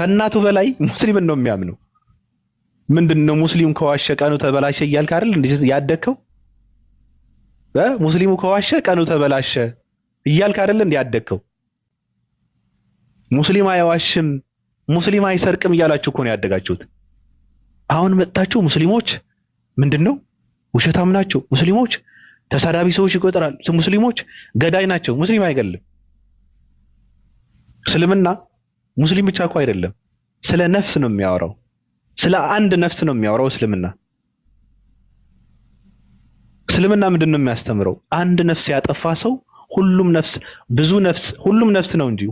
ከእናቱ በላይ ሙስሊምን ነው የሚያምነው። ምንድን ነው ሙስሊም ከዋሸ ቀኑ ተበላሸ እያልክ አይደል እንዴ ያደግከው? ሙስሊሙ ከዋሸ ቀኑ ተበላሸ እያልክ አይደል እንዴ ያደግከው? ሙስሊም አይዋሽም ሙስሊም አይሰርቅም እያላችሁ እኮ ነው ያደጋችሁት። አሁን መጥታችሁ ሙስሊሞች ምንድን ነው ውሸታም ናቸው፣ ሙስሊሞች ተሳዳቢ ሰዎች ይቆጠራል፣ ሙስሊሞች ገዳይ ናቸው። ሙስሊም አይገልም እስልምና ሙስሊም ብቻ እኮ አይደለም፣ ስለ ነፍስ ነው የሚያወራው። ስለ አንድ ነፍስ ነው የሚያወራው እስልምና። እስልምና ምንድን ነው የሚያስተምረው? አንድ ነፍስ ያጠፋ ሰው ሁሉም ነፍስ ብዙ ነፍስ ሁሉም ነፍስ ነው እንጂ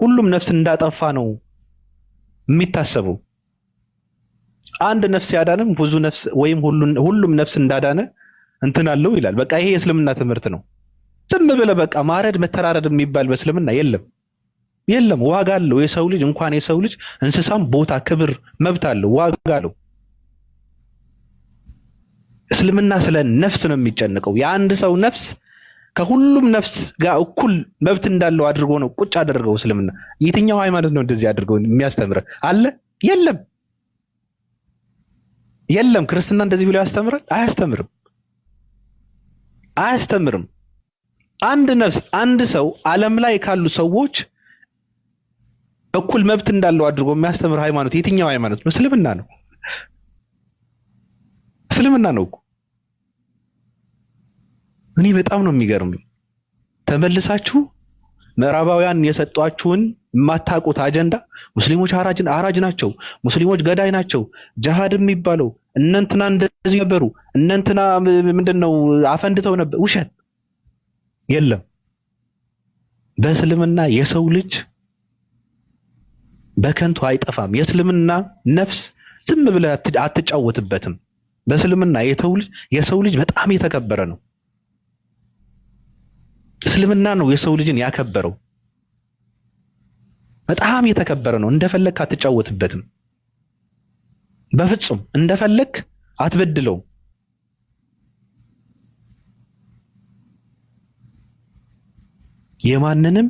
ሁሉም ነፍስ እንዳጠፋ ነው የሚታሰበው። አንድ ነፍስ ያዳንም ብዙ ነፍስ ወይም ሁሉም ነፍስ እንዳዳነ እንትን አለው ይላል። በቃ ይሄ የእስልምና ትምህርት ነው። ዝም ብለህ በቃ ማረድ መተራረድ የሚባል በእስልምና የለም። የለም ዋጋ አለው። የሰው ልጅ እንኳን የሰው ልጅ እንስሳም ቦታ፣ ክብር፣ መብት አለው፣ ዋጋ አለው። እስልምና ስለ ነፍስ ነው የሚጨንቀው። የአንድ ሰው ነፍስ ከሁሉም ነፍስ ጋር እኩል መብት እንዳለው አድርጎ ነው ቁጭ አደረገው እስልምና። የትኛው ሃይማኖት ነው እንደዚህ አድርገው የሚያስተምረ አለ? የለም የለም። ክርስትና እንደዚህ ብሎ ያስተምራል? አያስተምርም፣ አያስተምርም። አንድ ነፍስ አንድ ሰው ዓለም ላይ ካሉ ሰዎች እኩል መብት እንዳለው አድርጎ የሚያስተምር ሃይማኖት የትኛው ሃይማኖት ነው? እስልምና ነው። እስልምና ነው እኮ። እኔ በጣም ነው የሚገርም? ተመልሳችሁ ምዕራባውያን የሰጧችሁን የማታውቁት አጀንዳ ሙስሊሞች አራጅ ናቸው፣ ሙስሊሞች ገዳይ ናቸው፣ ጃሃድ የሚባለው እነንትና እንደዚህ ነበሩ፣ እነንትና ምንድን ነው አፈንድተው ነበር። ውሸት የለም በእስልምና የሰው ልጅ በከንቱ አይጠፋም። የእስልምና ነፍስ ዝም ብለህ አትጫወትበትም። በእስልምና የሰው ልጅ በጣም የተከበረ ነው። እስልምና ነው የሰው ልጅን ያከበረው። በጣም የተከበረ ነው። እንደፈለክ አትጫወትበትም። በፍጹም እንደፈለክ አትበድለውም። የማንንም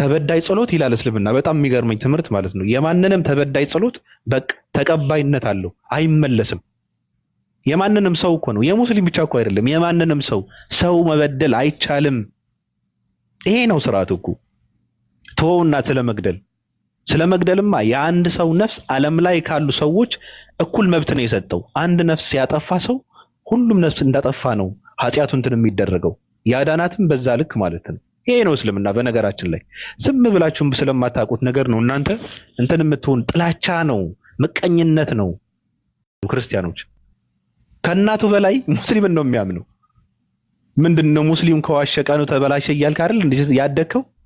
ተበዳይ ጸሎት ይላል እስልምና። በጣም የሚገርመኝ ትምህርት ማለት ነው። የማንንም ተበዳይ ጸሎት በቅ ተቀባይነት አለው፣ አይመለስም። የማንንም ሰው እኮ ነው፣ የሙስሊም ብቻ እኮ አይደለም። የማንንም ሰው ሰው መበደል አይቻልም። ይሄ ነው ስርዓት እኮ። ተወውና ስለመግደል ስለመግደልማ የአንድ ሰው ነፍስ ዓለም ላይ ካሉ ሰዎች እኩል መብት ነው የሰጠው። አንድ ነፍስ ያጠፋ ሰው ሁሉም ነፍስ እንዳጠፋ ነው ኃጢአቱ እንትን የሚደረገው ያዳናትም በዛ ልክ ማለት ነው። ይሄ ነው እስልምና። በነገራችን ላይ ዝም ብላችሁም ስለማታውቁት ነገር ነው እናንተ እንትን የምትሆን ጥላቻ ነው፣ ምቀኝነት ነው። ክርስቲያኖች ከእናቱ በላይ ሙስሊምን ነው የሚያምነው። ምንድን ነው ሙስሊም ከዋሸ ቀኑ ተበላሸ እያልክ አይደል እንዴ ያደግከው?